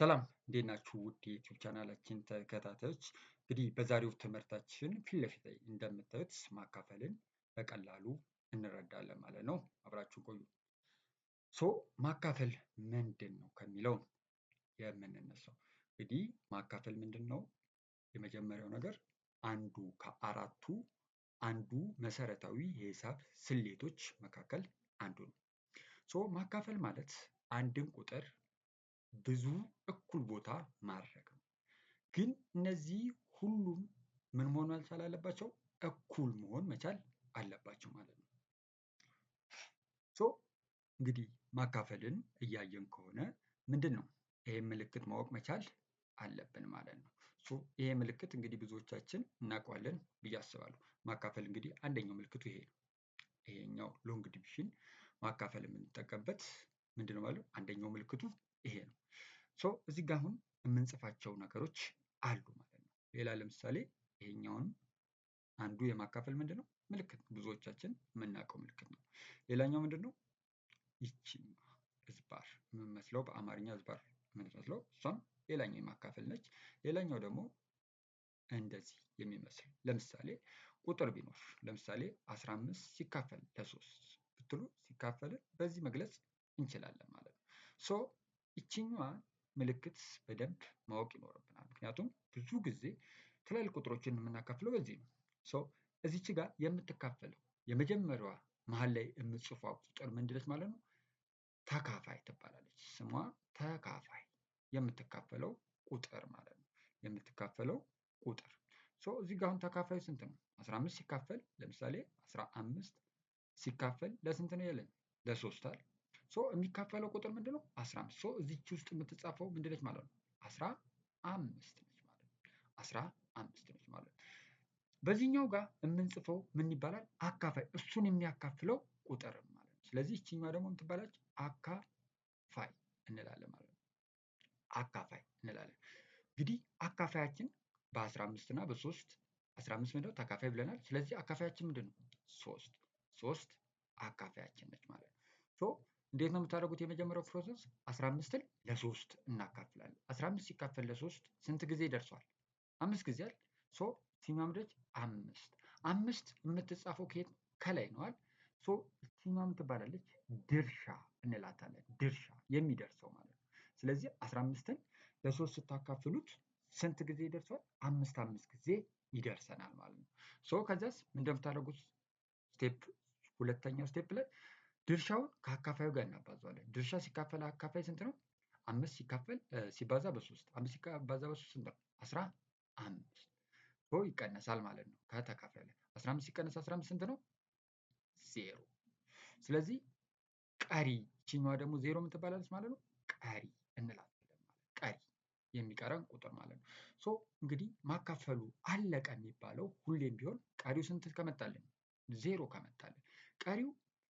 ሰላም እንዴት ናችሁ? ውድ የዩቲዩብ ቻናላችን ተከታታዮች እንግዲህ በዛሬው ትምህርታችን ፊት ለፊት ላይ እንደምታዩት ማካፈልን በቀላሉ እንረዳለን ማለት ነው። አብራችሁ ቆዩ። ሶ ማካፈል ምንድን ነው ከሚለው የምንነሳው እንግዲህ ማካፈል ምንድን ነው? የመጀመሪያው ነገር አንዱ ከአራቱ አንዱ መሰረታዊ የሂሳብ ስሌቶች መካከል አንዱ ነው። ሶ ማካፈል ማለት አንድን ቁጥር ብዙ እኩል ቦታ ማድረግ ነው። ግን እነዚህ ሁሉም ምን መሆን መቻል አለባቸው? እኩል መሆን መቻል አለባቸው ማለት ነው። ሶ እንግዲህ ማካፈልን እያየን ከሆነ ምንድን ነው ይሄ ምልክት ማወቅ መቻል አለብን ማለት ነው። ሶ ይሄ ምልክት እንግዲህ ብዙዎቻችን እናውቀዋለን ብዬ አስባለሁ። ማካፈል እንግዲህ አንደኛው ምልክቱ ይሄ ነው። ይሄኛው ሎንግ ዲቪዥን ማካፈል የምንጠቀምበት ምንድን ነው ማለት ነው አንደኛው ምልክቱ ይሄ ነው። ሶ እዚህ ጋር አሁን የምንጽፋቸው ነገሮች አሉ ማለት ነው። ሌላ ለምሳሌ ይሄኛውን አንዱ የማካፈል ምንድን ነው ምልክት ብዙዎቻችን የምናውቀው ምልክት ነው። ሌላኛው ምንድን ነው ይቺ ዝባር የምመስለው በአማርኛ እዝባር የምንመስለው እሷም ሌላኛው የማካፈል ነች። ሌላኛው ደግሞ እንደዚህ የሚመስል ለምሳሌ ቁጥር ቢኖር ለምሳሌ 15 ሲካፈል ለሶስት ብትሉ ሲካፈልን በዚህ መግለጽ እንችላለን ማለት ነው። ሶ ይችኛዋ ምልክት በደንብ ማወቅ ይኖርብናል። ምክንያቱም ብዙ ጊዜ ትላልቅ ቁጥሮችን የምናካፍለው በዚህ ነው። ሰው እዚች ጋር የምትካፈለው የመጀመሪያዋ መሀል ላይ የምትጽፏ ቁጥር ምንድነች ማለት ነው? ተካፋይ ትባላለች። ስሟ ተካፋይ የምትካፈለው ቁጥር ማለት ነው። የምትካፈለው ቁጥር እዚህ ጋር አሁን ተካፋዩ ስንት ነው? 15 ሲካፈል ለምሳሌ 15 ሲካፈል ለስንት ነው ያለን? ለሶስት አይደል? የሚካፈለው ቁጥር ነው? አስራ አምስት እዚች ውስጥ የምትጻፈው ምንድነች ማለት ነው? አስራ አምስት ነች ማለት ነው። አስራ አምስት ነች ማለት ነው። በዚህኛው ጋር የምንጽፈው ምን ይባላል? አካፋይ እሱን የሚያካፍለው ቁጥር ማለት ነው። ስለዚህ ይችኛዋ ደግሞ የምትባላች አካፋይ እንላለን ማለት ነው። አካፋይ እንላለን። እንግዲህ አካፋያችን በአስራ አምስት እና በሶስት አስራ አምስት ምንድነው ተካፋይ ብለናል። ስለዚህ አካፋያችን ምንድን ነው? ሶስት ሶስት አካፋያችን ነች ማለት ነው። እንዴት ነው የምታደርጉት? የመጀመሪያው ፕሮሰስ 15ን ለሶስት እናካፍላለን። 15 ሲካፈል ለሶስት ስንት ጊዜ ይደርሷል? አምስት ጊዜ አይደል? ሶ ሲማምደች አምስት አምስት የምትጻፈው ከየት ከላይ ነዋል። ሶ ሲማም ትባላለች ድርሻ እንላታለን። ድርሻ የሚደርሰው ማለት ነው። ስለዚህ 15ን ለሶስት ስታካፍሉት ስንት ጊዜ ይደርሷል? አምስት አምስት ጊዜ ይደርሰናል ማለት ነው። ሶ ከዚያስ እንደምታደርጉት ስቴፕ ሁለተኛው ስቴፕ ላይ ድርሻውን ከአካፋዩ ጋር እናባዛዋለን። ድርሻ ሲካፈል አካፋይ ስንት ነው? አምስት ሲካፈል ሲባዛ በሶስት አምስት ሲባዛ በሶስት ስንት ነው? አስራ አምስት ቦ ይቀነሳል ማለት ነው ከተካፋዩ አስራ አምስት ሲቀነስ አስራ አምስት ስንት ነው? ዜሮ። ስለዚህ ቀሪ ይችኛዋ ደግሞ ዜሮ የምትባላለች ማለት ነው። ቀሪ እንላታለን ቀሪ የሚቀረን ቁጥር ማለት ነው። ሶ እንግዲህ ማካፈሉ አለቀ የሚባለው ሁሌም ቢሆን ቀሪው ስንት ከመጣልን ዜሮ ከመጣልን ቀሪው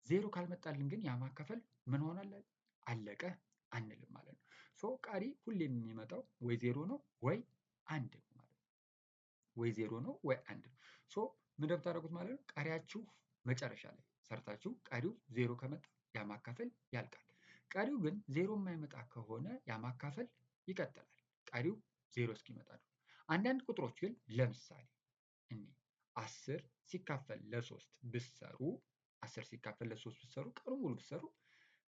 ዜሮ ካልመጣልን ግን ያ ማካፈል ምን ሆናለን አለቀ አንልም ማለት ነው። ሶ ቀሪ ሁሌም የሚመጣው ወይ ዜሮ ነው ወይ አንድ ነው ማለት ነው። ወይ ዜሮ ነው ወይ አንድ ነው። ሶ ምን እንደምታደርጉት ማለት ነው ቀሪያችሁ መጨረሻ ላይ ሰርታችሁ ቀሪው ዜሮ ከመጣ ያ ማካፈል ያልቃል። ቀሪው ግን ዜሮ የማይመጣ ከሆነ ያ ማካፈል ይቀጥላል። ቀሪው ዜሮ እስኪመጣ ነው። አንዳንድ ቁጥሮች ግን ለምሳሌ እኔ አስር ሲካፈል ለሶስት ብሰሩ አስር ሲካፈል ለሶስት ብትሰሩ ቀሩ ሙሉ ብትሰሩ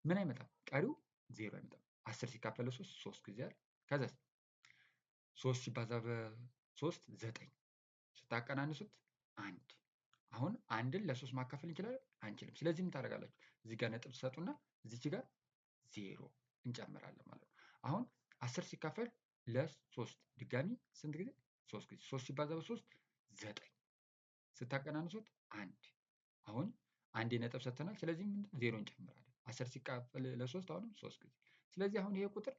ምን አይመጣም? ቀሪው ዜሮ አይመጣም። አስር ሲካፈል ለሶስት ሶስት ጊዜ አለ። ከዛ ሶስት ሲባዛ በሶስት ዘጠኝ ስታቀናንሱት አንድ። አሁን አንድን ለሶስት ማካፈል እንችላለን አንችልም። ስለዚህ ምን ታደርጋላችሁ? እዚህ ጋር ነጥብ ትሰጡና እዚች ጋር ዜሮ እንጨምራለን ማለት ነው። አሁን አስር ሲካፈል ለሶስት ድጋሚ ስንት ጊዜ? ሶስት ጊዜ። ሶስት ሲባዛ በሶስት ዘጠኝ ስታቀናንሱት አንድ። አሁን አንድ ነጥብ ሰጥተናል። ስለዚህ ምንድነው ዜሮ እንጨምራለን። አስር ሲካፈል ለሶስት አሁንም ሶስት ጊዜ። ስለዚህ አሁን ይሄ ቁጥር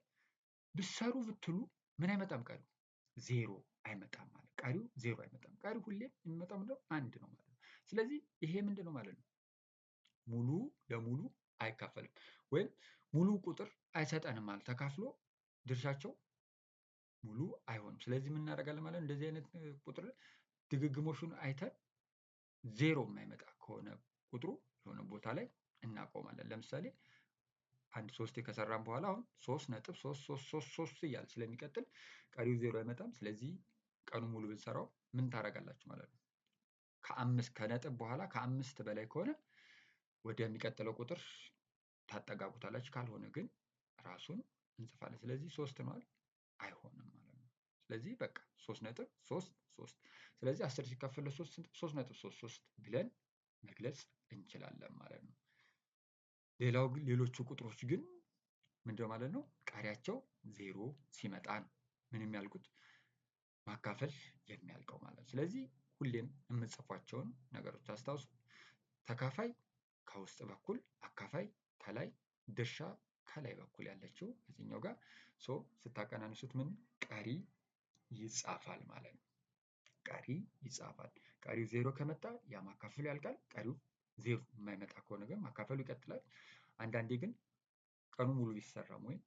ብሰሩ ብትሉ ምን አይመጣም? ቀሪው ዜሮ አይመጣም ማለት ቀሪው ዜሮ አይመጣም። ቀሪው ሁሌም የሚመጣው ምንድነው አንድ ነው ማለት ነው። ስለዚህ ይሄ ምንድነው ማለት ነው ሙሉ ለሙሉ አይካፈልም ወይም ሙሉ ቁጥር አይሰጠንም ማለት ተካፍሎ ድርሻቸው ሙሉ አይሆንም። ስለዚህ ምን እናደርጋለን ማለት ነው እንደዚህ አይነት ቁጥር ድግግሞሹን አይተን ዜሮ የማይመጣ ከሆነ ቁጥሩ የሆነ ቦታ ላይ እናቆማለን። ለምሳሌ አንድ ሶስት ከሰራን በኋላ አሁን ሶስት ነጥብ ሶስት ሶስት ሶስት ሶስት እያለ ስለሚቀጥል ቀሪው ዜሮ አይመጣም። ስለዚህ ቀኑ ሙሉ ብንሰራው ምን ታደርጋላችሁ ማለት ነው። ከአምስት ከነጥብ በኋላ ከአምስት በላይ ከሆነ ወደሚቀጥለው ቁጥር ታጠጋቡታላችሁ። ካልሆነ ግን ራሱን እንጽፋለን። ስለዚህ ሶስት ነዋል አይሆንም ማለት ነው። ስለዚህ በቃ ሶስት ነጥብ ሶስት ሶስት ስለዚህ አስር ሲካፈል ለሶስት ስንት ሶስት ነጥብ ሶስት ሶስት ብለን መግለጽ እንችላለን ማለት ነው። ሌላው ግን ሌሎቹ ቁጥሮች ግን ምንድነው ማለት ነው ቀሪያቸው ዜሮ ሲመጣ ነው ምን የሚያልቁት ማካፈል የሚያልቀው ማለት ነው። ስለዚህ ሁሌም የምጽፏቸውን ነገሮች አስታውሱ። ተካፋይ ከውስጥ በኩል አካፋይ ከላይ ድርሻ ከላይ በኩል ያለችው እዚህኛው ጋር ሶ ስታቀናንሱት ምን ቀሪ ይጻፋል ማለት ነው። ቀሪ ይጻፋል ቀሪው ዜሮ ከመጣ ያ ማካፈሉ ያልቃል። ቀሪው ዜሮ የማይመጣ ከሆነ ግን ማካፈሉ ይቀጥላል። አንዳንዴ ግን ቀኑ ሙሉ ቢሰራም ወይም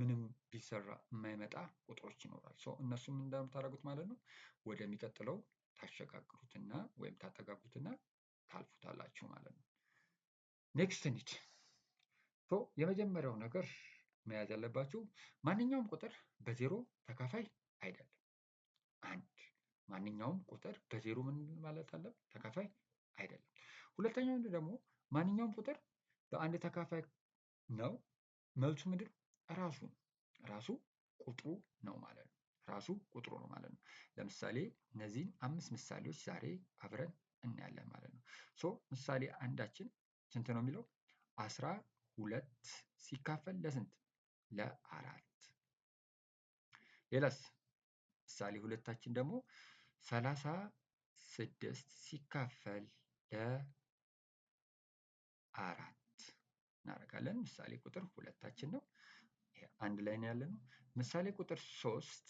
ምንም ቢሰራ የማይመጣ ቁጥሮች ይኖራል። ሰው እነሱም እንደምታደርጉት ማለት ነው ወደሚቀጥለው ታሸጋግሩትና ወይም ታጠጋጉትና ታልፉታላችሁ ማለት ነው። ኔክስት ኒድ የመጀመሪያው ነገር መያዝ ያለባችሁ ማንኛውም ቁጥር በዜሮ ተካፋይ አይደለም። አንድ ማንኛውም ቁጥር በዜሮ ምን ማለት አለ ተካፋይ አይደለም። ሁለተኛው ደግሞ ማንኛውም ቁጥር በአንድ ተካፋይ ነው መልሱ ምንድን ራሱ ራሱ ቁጥሩ ነው ማለት ነው። ራሱ ቁጥሩ ነው ማለት ነው። ለምሳሌ እነዚህን አምስት ምሳሌዎች ዛሬ አብረን እናያለን ማለት ነው። ሶ ምሳሌ አንዳችን ስንት ነው የሚለው አስራ ሁለት ሲካፈል ለስንት ለአራት። ሌላስ ምሳሌ ሁለታችን ደግሞ ሰላሳ ስድስት ሲካፈል ለአራት እናደርጋለን። ምሳሌ ቁጥር ሁለታችን ነው። አንድ ላይ ነው ያለ ነው። ምሳሌ ቁጥር ሶስት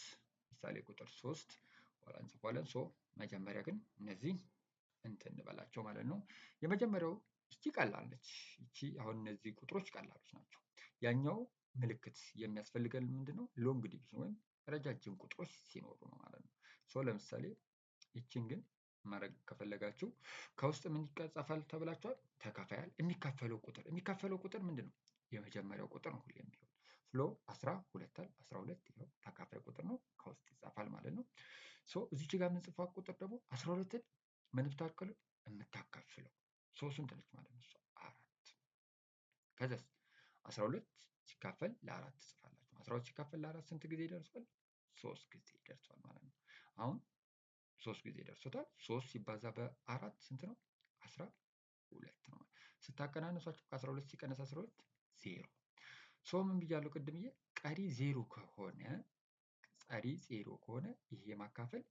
ምሳሌ ቁጥር ሶስት ኋላ እንጽፏለን። ሶ መጀመሪያ ግን እነዚህ እንትን እንበላቸው ማለት ነው። የመጀመሪያው እቺ ቀላል ነች። እቺ አሁን እነዚህ ቁጥሮች ቀላሎች ናቸው። ያኛው ምልክት የሚያስፈልገን ምንድን ነው? ሎንግ ዲቪዥን ወይም ረጃጅም ቁጥሮች ሲኖሩ ነው ማለት ነው። ሶ ለምሳሌ ይችን ግን ማድረግ ከፈለጋችሁ ከውስጥ ምን ይጻፋል ተብላችኋል? ተካፋያል። የሚካፈለው ቁጥር የሚካፈለው ቁጥር ምንድን ነው? የመጀመሪያው ቁጥር ነው ሁሌም ቢሆን ፍሎ 12 12 ይኸው ተካፋይ ቁጥር ነው ከውስጥ ይጻፋል ማለት ነው። ሶ እዚች ጋር የምንጽፋው ቁጥር ደግሞ 12ን ምን ብታክል የምታካፍለው ስንት ትልቅ ማለት ነው። አራት ከዛስ 12 ሲካፈል ለአራት ትጽፋላችሁ። 12 ሲካፈል ለአራት ስንት ጊዜ ይደርሳል? ሶስት ጊዜ ይደርሳል ማለት ነው። አሁን ሶስት ጊዜ ደርሶታል። ሶስት ሲባዛ በአራት ስንት ነው? አስራ ሁለት ነው። ስታቀናነሷቸው ከአስራ ሁለት ሲቀነስ አስራ ሁለት ዜሮ። ሶ ምን ብያለሁ ቅድምዬ? ቀሪ ዜሮ ከሆነ ቀሪ ዜሮ ከሆነ ይሄ የማካፈል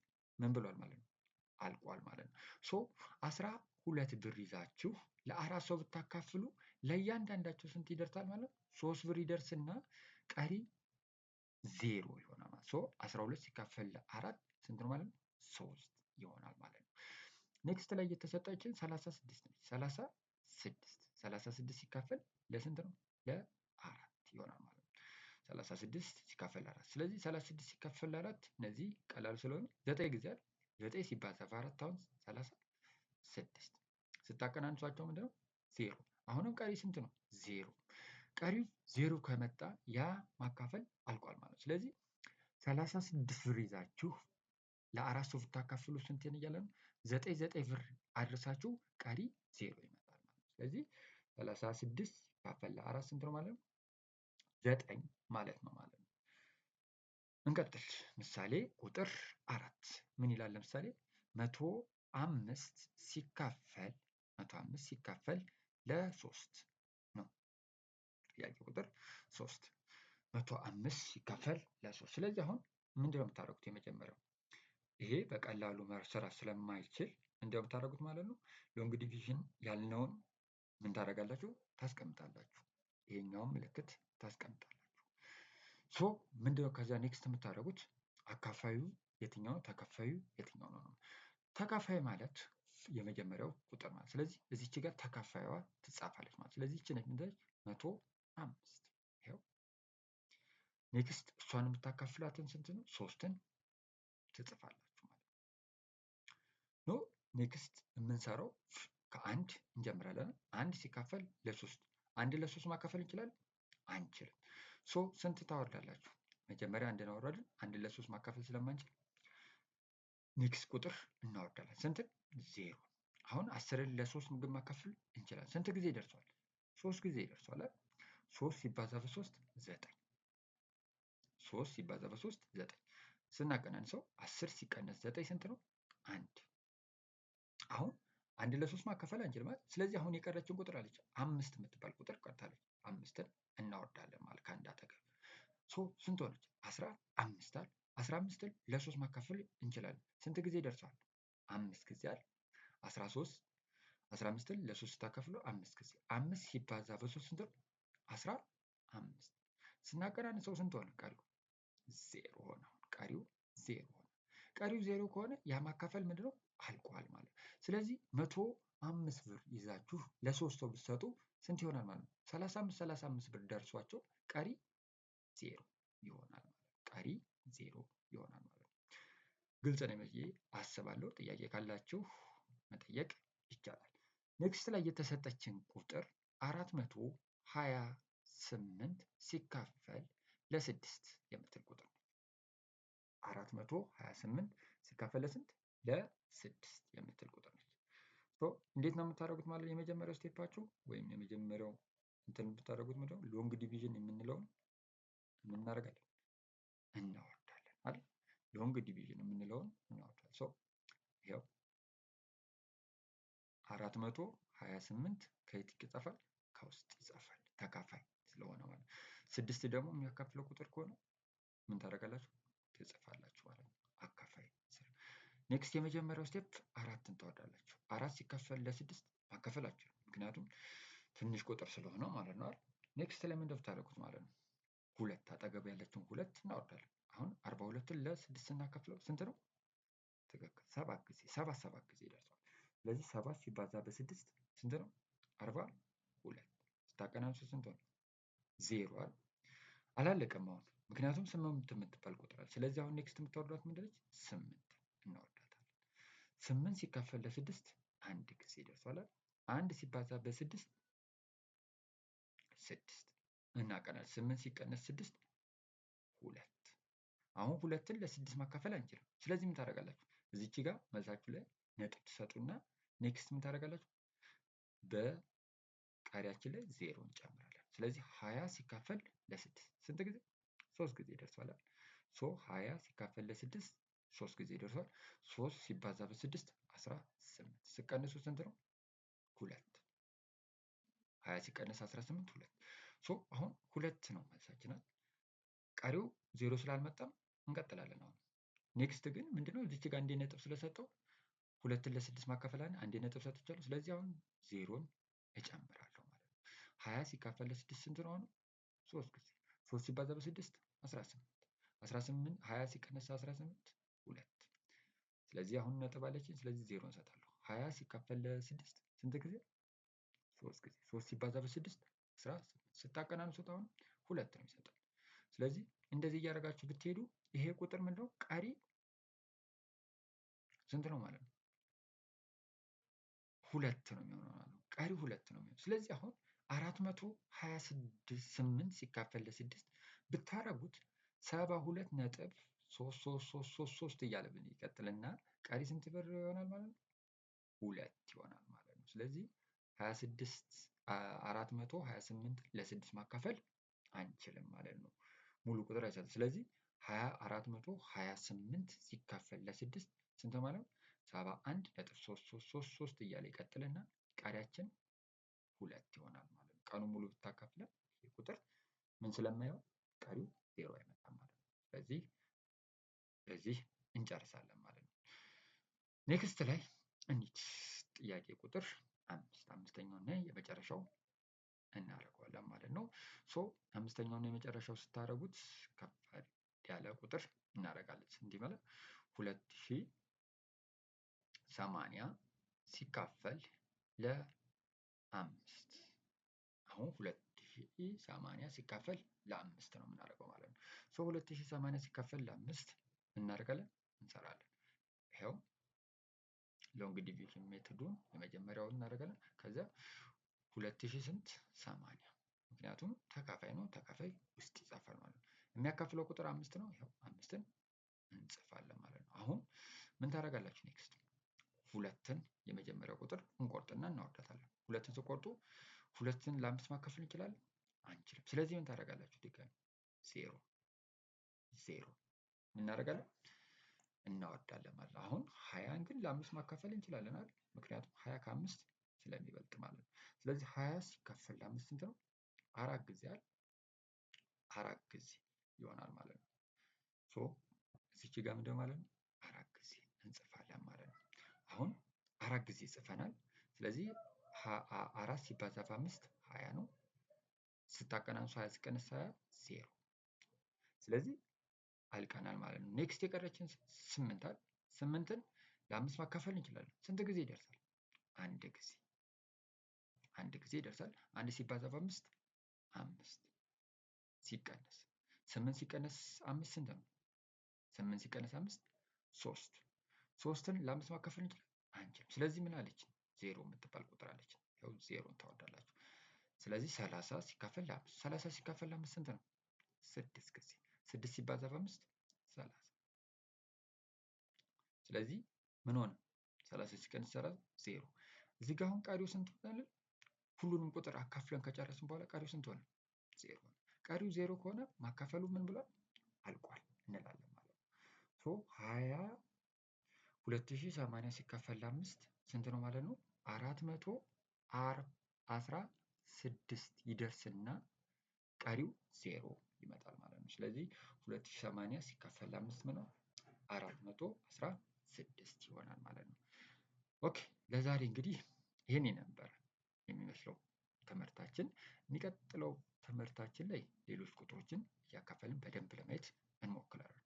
ምን ብሏል ማለት ነው አልቋል ማለት ነው። ሶ አስራ ሁለት ብር ይዛችሁ ለአራት ሰው ብታካፍሉ ለእያንዳንዳቸው ስንት ይደርሳል ማለት ነው? ሶስት ብር ይደርስና ቀሪ ዜሮ ይሆናል። ሶ ሁለት ሲካፈል ለአራት ስንት ነው ማለት ነው? ሶስት ይሆናል ማለት ነው። ኔክስት ላይ የተሰጠችን 36 ነች። 36 ስድስት ሲካፈል ለስንት ነው? ለአራት ይሆናል ማለት ነው። 36 ሲካፈል ለአራት ስለዚህ 36 ስድስት ሲካፈል ለአራት እነዚህ ቀላል ስለሆነ ዘጠኝ ጊዜ አለ። ዘጠኝ አራት አሁን 36 ስታቀናንሷቸው ምንድነው? ዜሮ አሁንም ቀሪ ስንት ነው? ዜሮ ቀሪው ዜሮ ከመጣ ያ ማካፈል አልቋል ማለት ነው። ስለዚህ 36 ብር ይዛችሁ ለአራት ሰው ብታካፍሉ ስንት እያለ ነው? ዘጠኝ ዘጠኝ ብር አድርሳችሁ ቀሪ ዜሮ ይመጣል ማለት ነው። ስለዚህ ሰላሳ ስድስት ሲካፈል ለአራት ስንት ነው ማለት ነው? ዘጠኝ ማለት ነው ማለት ነው። እንቀጥል። ምሳሌ ቁጥር አራት ምን ይላል? ለምሳሌ መቶ አምስት ሲካፈል መቶ አምስት ሲካፈል ለሶስት ነው። ጥያቄ ቁጥር ሶስት መቶ አምስት ሲካፈል ለሶስት። ስለዚህ አሁን ምንድነው የምታደርጉት? የመጀመሪያው ይሄ በቀላሉ መሰራት ስለማይችል እንደው የምታደርጉት ማለት ነው ሎንግ ዲቪዥን ያልነውን ምን ታደርጋላችሁ? ታስቀምጣላችሁ። ይሄኛውን ምልክት ታስቀምጣላችሁ። ሶ ምንድነው ከዚያ ኔክስት የምታደርጉት አካፋዩ የትኛው ነው ተካፋዩ የትኛው ነው? ተካፋይ ማለት የመጀመሪያው ቁጥር ማለት ስለዚህ እዚች ጋር ተካፋይዋ ትጻፋለች ማለት ስለዚህ እቺ ነች ምንድነች መቶ አምስት ይኸው ኔክስት እሷን የምታካፍላትን ስንት ነው ሶስትን ትጽፋለች ንግስት የምንሰራው ከአንድ እንጀምራለን። አንድ ሲካፈል ለሶስት አንድ ለሶስት ማካፈል እንችላለን አንችልም። ሶ ስንት ታወርዳላችሁ? መጀመሪያ አንድ እናወርዳለን። አንድ ለሶስት ማካፈል ስለማንችል ኔክስት ቁጥር እናወርዳለን። ስንት ዜሮ። አሁን አስርን ለሶስት ምግብ ማካፈል እንችላለን። ስንት ጊዜ ይደርሷል? ሶስት ጊዜ ይደርሷል። ሶስት ሲባዛ በሶስት ዘጠኝ። ሶስት ሲባዛ በሶስት ዘጠኝ። ስናቀናንሰው አስር ሲቀነስ ዘጠኝ ስንት ነው? አንድ አሁን አንድ ለሶስት ማካፈል አንችልም ማለት። ስለዚህ አሁን የቀረችን ቁጥር አለች አምስት የምትባል ቁጥር ቀርታለች። አምስትን እናወርዳለን ማለት ከአንድ አጠገብ ሶ ስንት ሆነች? አስራ አምስት አለ አስራ አምስትን ለሶስት ማካፈል እንችላለን። ስንት ጊዜ ደርሷል? አምስት ጊዜ አለ አስራ ሶስት አስራ አምስትን ለሶስት ስታካፍሉ አምስት ጊዜ አምስት ሲባዛ በሶስት ስንት አስራ አምስት ስናቀራን ሰው ስንት ሆነ? ቀሪው ዜሮ ሆነ። ቀሪው ዜሮ ሆነ። ቀሪው ዜሮ ከሆነ ያ ማካፈል ምንድነው? አልቋል ማለት ነው። ስለዚህ መቶ አምስት ብር ይዛችሁ ለሶስት ሰው ብትሰጡ ስንት ይሆናል ማለት ነው? ሰላሳ አምስት ሰላሳ አምስት ብር ደርሷቸው ቀሪ ዜሮ ይሆናል ማለት ነው። ቀሪ ዜሮ ይሆናል ማለት ነው። ግልጽ ነው ብዬ አስባለሁ። ጥያቄ ካላችሁ መጠየቅ ይቻላል። ኔክስት ላይ የተሰጠችን ቁጥር አራት መቶ ሀያ ስምንት ሲካፈል ለስድስት የምትል ቁጥር አራት መቶ ሀያ ስምንት ሲካፈል ለስንት ለስድስት የምትል ቁጥር ነች። እንዴት ነው የምታደርጉት ማለት የመጀመሪያው ስቴፓችሁ ወይም የመጀመሪያው እንትን የምታደርጉት ምንድነው ሎንግ ዲቪዥን የምንለውን የምናደርጋለን እናወርዳለን አይደል? ሎንግ ዲቪዥን የምንለውን እናወርዳለን። ሶ ይኸው አራት መቶ ሀያ ስምንት ከየት ይጻፋል? ከውስጥ ይጻፋል ተካፋይ ስለሆነ ማለት ስድስት ደግሞ የሚያካፍለው ቁጥር ከሆነ ምን ታደርጋላችሁ? ትጽፋላችሁ ማለት ነው አካፋይ ኔክስት የመጀመሪያው ስቴፕ አራትን ታወዳላችሁ። አራት ሲካፈል ለስድስት ማካፈል አትችሉም፣ ምክንያቱም ትንሽ ቁጥር ስለሆነ ማለት ነው። ኔክስት ላይ ምንድን ማለት ነው ሁለት አጠገብ ያለችውን ሁለት እናወርዳለን። አሁን አርባ ሁለትን ለስድስት እናካፍለው ስንት ነው? ትክክል ሰባት ጊዜ ሰባት ሰባት ጊዜ ይደርሳል። ስለዚህ ሰባት ሲባዛ በስድስት ስንት ነው? አርባ ሁለት ስታቀናንሱ ስንት ሆነ? ዜሮ አለ አላለቀም አሁን ምክንያቱም ስምንት የምትባል ስለዚህ አሁን ኔክስት የምታወርዷት ምንድነች? ስምንት እናወርዳለን። ስምንት ሲካፈል ለስድስት አንድ ጊዜ ይደርሳል። አንድ ሲባዛ በስድስት ስድስት እናቀናል። ስምንት ሲቀነስ ስድስት ሁለት። አሁን ሁለትን ለስድስት ማካፈል አንችልም። ስለዚህ ምን ታደርጋላችሁ? እዚች ጋር መልሳችሁ ላይ ነጥብ ትሰጡና ኔክስት ምን ታደርጋላችሁ? በቀሪያችን ላይ ዜሮ እንጨምራለን። ስለዚህ ሀያ ሲካፈል ለስድስት ስንት ጊዜ? ሶስት ጊዜ ይደርሳል። ሶ ሀያ ሲካፈል ለስድስት ሶስት ጊዜ ደርሷል። ሶስት ሲባዛ በስድስት አስራ ስምንት ስቀንሱ ስንት ነው? ሁለት ሀያ ሲቀነስ አስራ ስምንት ሁለት ሶ አሁን ሁለት ነው መልሳችናል። ቀሪው ዜሮ ስላልመጣም እንቀጥላለን። አሁን ኔክስት ግን ምንድነው እዚች ጋር አንዴ ነጥብ ስለሰጠው ሁለትን ለስድስት ማካፈል አንዴ ነጥብ ሰጥቻለሁ። ስለዚህ አሁን ዜሮን እጨምራለሁ ማለት ነው። ሀያ ሲካፈል ለስድስት ስንት ነው? አሁን ሶስት ጊዜ ሶስት ሲባዛ በስድስት አስራ ስምንት አስራ ስምንት ሀያ ሲቀነስ አስራ ስምንት ሁለት። ስለዚህ አሁን ነጥብ አለችኝ። ስለዚህ ዜሮ እንሰጣለሁ። ሀያ ሲካፈል ለስድስት ስንት ጊዜ? ሶስት ጊዜ። ሶስት ሲባዛ በስድስት አስራ ስምንት ስታቀናንሱት አሁን ሁለት ነው የሚሰጠን። ስለዚህ እንደዚህ እያደረጋችሁ ብትሄዱ ይሄ ቁጥር ምንድነው ቀሪ ስንት ነው ማለት ነው? ሁለት ነው የሚሆነው ማለት ነው። ቀሪ ሁለት ነው የሚሆነው። ስለዚህ አሁን አራት መቶ ሀያ ስድስት ስምንት ሲካፈል ለስድስት ብታረጉት ሰባ ሁለት ነጥብ ሶስት ሶስት ሶስት ሶስት ሶስት እያለ ምን ይቀጥልና ቀሪ ስንት ብር ይሆናል ማለት ነው? ሁለት ይሆናል ማለት ነው። ስለዚህ 26 ስድስት አራት መቶ ሀያ ስምንት ለስድስት ማካፈል አንችልም ማለት ነው። ሙሉ ቁጥር አይሰጥም። ስለዚህ ሀያ አራት መቶ ሀያ ስምንት ሲካፈል ለስድስት ስንት ማለት ነው? ሰባ አንድ ነጥብ ሶስት ሶስት ሶስት ሶስት እያለ ይቀጥልና ቀሪያችን ሁለት ይሆናል ማለት ነው። ቀኑ ሙሉ ብታካፍለን ይህ ቁጥር ምን ስለማይሆን ቀሪው ዜሮ አይመጣም ማለት ነው። ስለዚህ በዚህ እንጨርሳለን ማለት ነው። ኔክስት ላይ እንሂድ። ጥያቄ ቁጥር አምስት አምስተኛውና የመጨረሻው እናደርገዋለን ማለት ነው። ሶ አምስተኛውና የመጨረሻው ስታደርጉት ከፍ ያለ ቁጥር እናደርጋለን። ስንት ይመጣል? ሁለት ሺ ሰማንያ ሲካፈል ለአምስት አሁን ሁለት ሺ ሰማንያ ሲካፈል ለአምስት ነው የምናደርገው ማለት ነው። ሶ ሁለት ሺ ሰማንያ ሲካፈል ለአምስት እናደርጋለን እንሰራለን። ይኸው ሎንግ ዲቪዥን ሜቶዱን የመጀመሪያውን እናደርጋለን። ከዛ ሁለት ሰማያ ስንት ሰማንያ ምክንያቱም ተካፋይ ነው ተካፋይ ውስጥ ይጻፋል ማለት ነው። የሚያካፍለው ቁጥር አምስት ነው። ይኸው አምስትን እንጽፋለን ማለት ነው። አሁን ምን ታደርጋላችሁ? ኔክስት ሁለትን የመጀመሪያው ቁጥር እንቆርጥና እናወርዳታለን። ሁለትን ስቆርጡ ሁለትን ለአምስት ማካፈል እንችላለን አንችልም። ስለዚህ ምን ታደርጋላችሁ? ድጋሚ ዜሮ ዜሮ እናደርጋለን እናወዳለን ማለት ነው። አሁን ሀያን ግን ለአምስት ማካፈል እንችላለን አይደል? ምክንያቱም ሀያ ከአምስት ስለሚበልጥ ማለት ነው። ስለዚህ ሀያ ሲካፈል ለአምስት ስንት ነው? አራት ጊዜ አይደል? አራት ጊዜ ይሆናል ማለት ነው። ሶ እዚች ጋ ምንድን ማለት ነው? አራት ጊዜ እንጽፋለን ማለት ነው። አሁን አራት ጊዜ ጽፈናል። ስለዚህ አራት ሲባዛ በአምስት ሀያ ነው። ስታቀናንሱ ሀያ ሲቀንስ ሀያ ዜሮ። ስለዚህ አልቀናል ማለት ነው። ኔክስት የቀረችን ስምንት አይደል? ስምንትን ለአምስት ማካፈል እንችላለን። ስንት ጊዜ ይደርሳል? አንድ ጊዜ አንድ ጊዜ ይደርሳል። አንድ ሲባዛ በአምስት አምስት ሲቀነስ ስምንት ሲቀነስ አምስት ስንት ነው? ስምንት ሲቀነስ አምስት ሶስት ሶስትን ለአምስት ማካፈል እንችላለን አንችልም። ስለዚህ ምን አለችን? ዜሮ የምትባል ቁጥር አለችን። ያው ዜሮን ታወዳላችሁ። ስለዚህ ሰላሳ ሲካፈል ለአምስት ሰላሳ ሲካፈል ለአምስት ስንት ነው? ስድስት ጊዜ ስድስት ሲባዛ በአምስት ሰላሳ። ስለዚህ ምን ሆነ? ሰላሳ ሲቀንስ ሰላሳ ዜሮ። እዚህ ጋር አሁን ቀሪው ስንት ሆናለን? ሁሉንም ቁጥር አካፍለን ከጨረስን በኋላ ቀሪው ስንት ሆነ? ዜሮ። ቀሪው ዜሮ ከሆነ ማካፈሉ ምን ብሏል? አልቋል እንላለን ማለት ነው። ሶ ሀያ ሁለት ሺ ሰማንያ ሲካፈል ለአምስት ስንት ነው ማለት ነው? አራት መቶ አስራ ስድስት ይደርስና ቀሪው ዜሮ ይመጣል ማለት ነው። ስለዚህ 2080 ሲካፈል ለአምስት ምን ነው አራት ይሆናል ማለት ነው። ኦኬ ለዛሬ እንግዲህ ይህን ነበር የሚመስለው ትምህርታችን። የሚቀጥለው ትምህርታችን ላይ ሌሎች ቁጥሮችን እያካፈልን በደንብ ለማየት እንሞክራለን።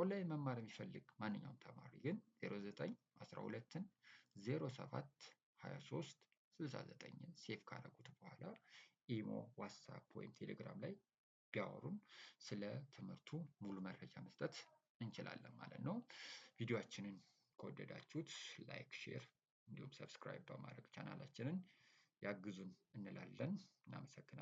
ኦንላይን መማር የሚፈልግ ማንኛውም ተማሪ ግን 0912 ን 07 23 69ን ሴቭ ካረጉት በኋላ ኢሞ፣ ዋትሳፕ ወይም ቴሌግራም ላይ ቢያወሩን ስለ ትምህርቱ ሙሉ መረጃ መስጠት እንችላለን ማለት ነው። ቪዲዮችንን ከወደዳችሁት ላይክ፣ ሼር እንዲሁም ሰብስክራይብ በማድረግ ቻናላችንን ያግዙን እንላለን። እናመሰግናለን።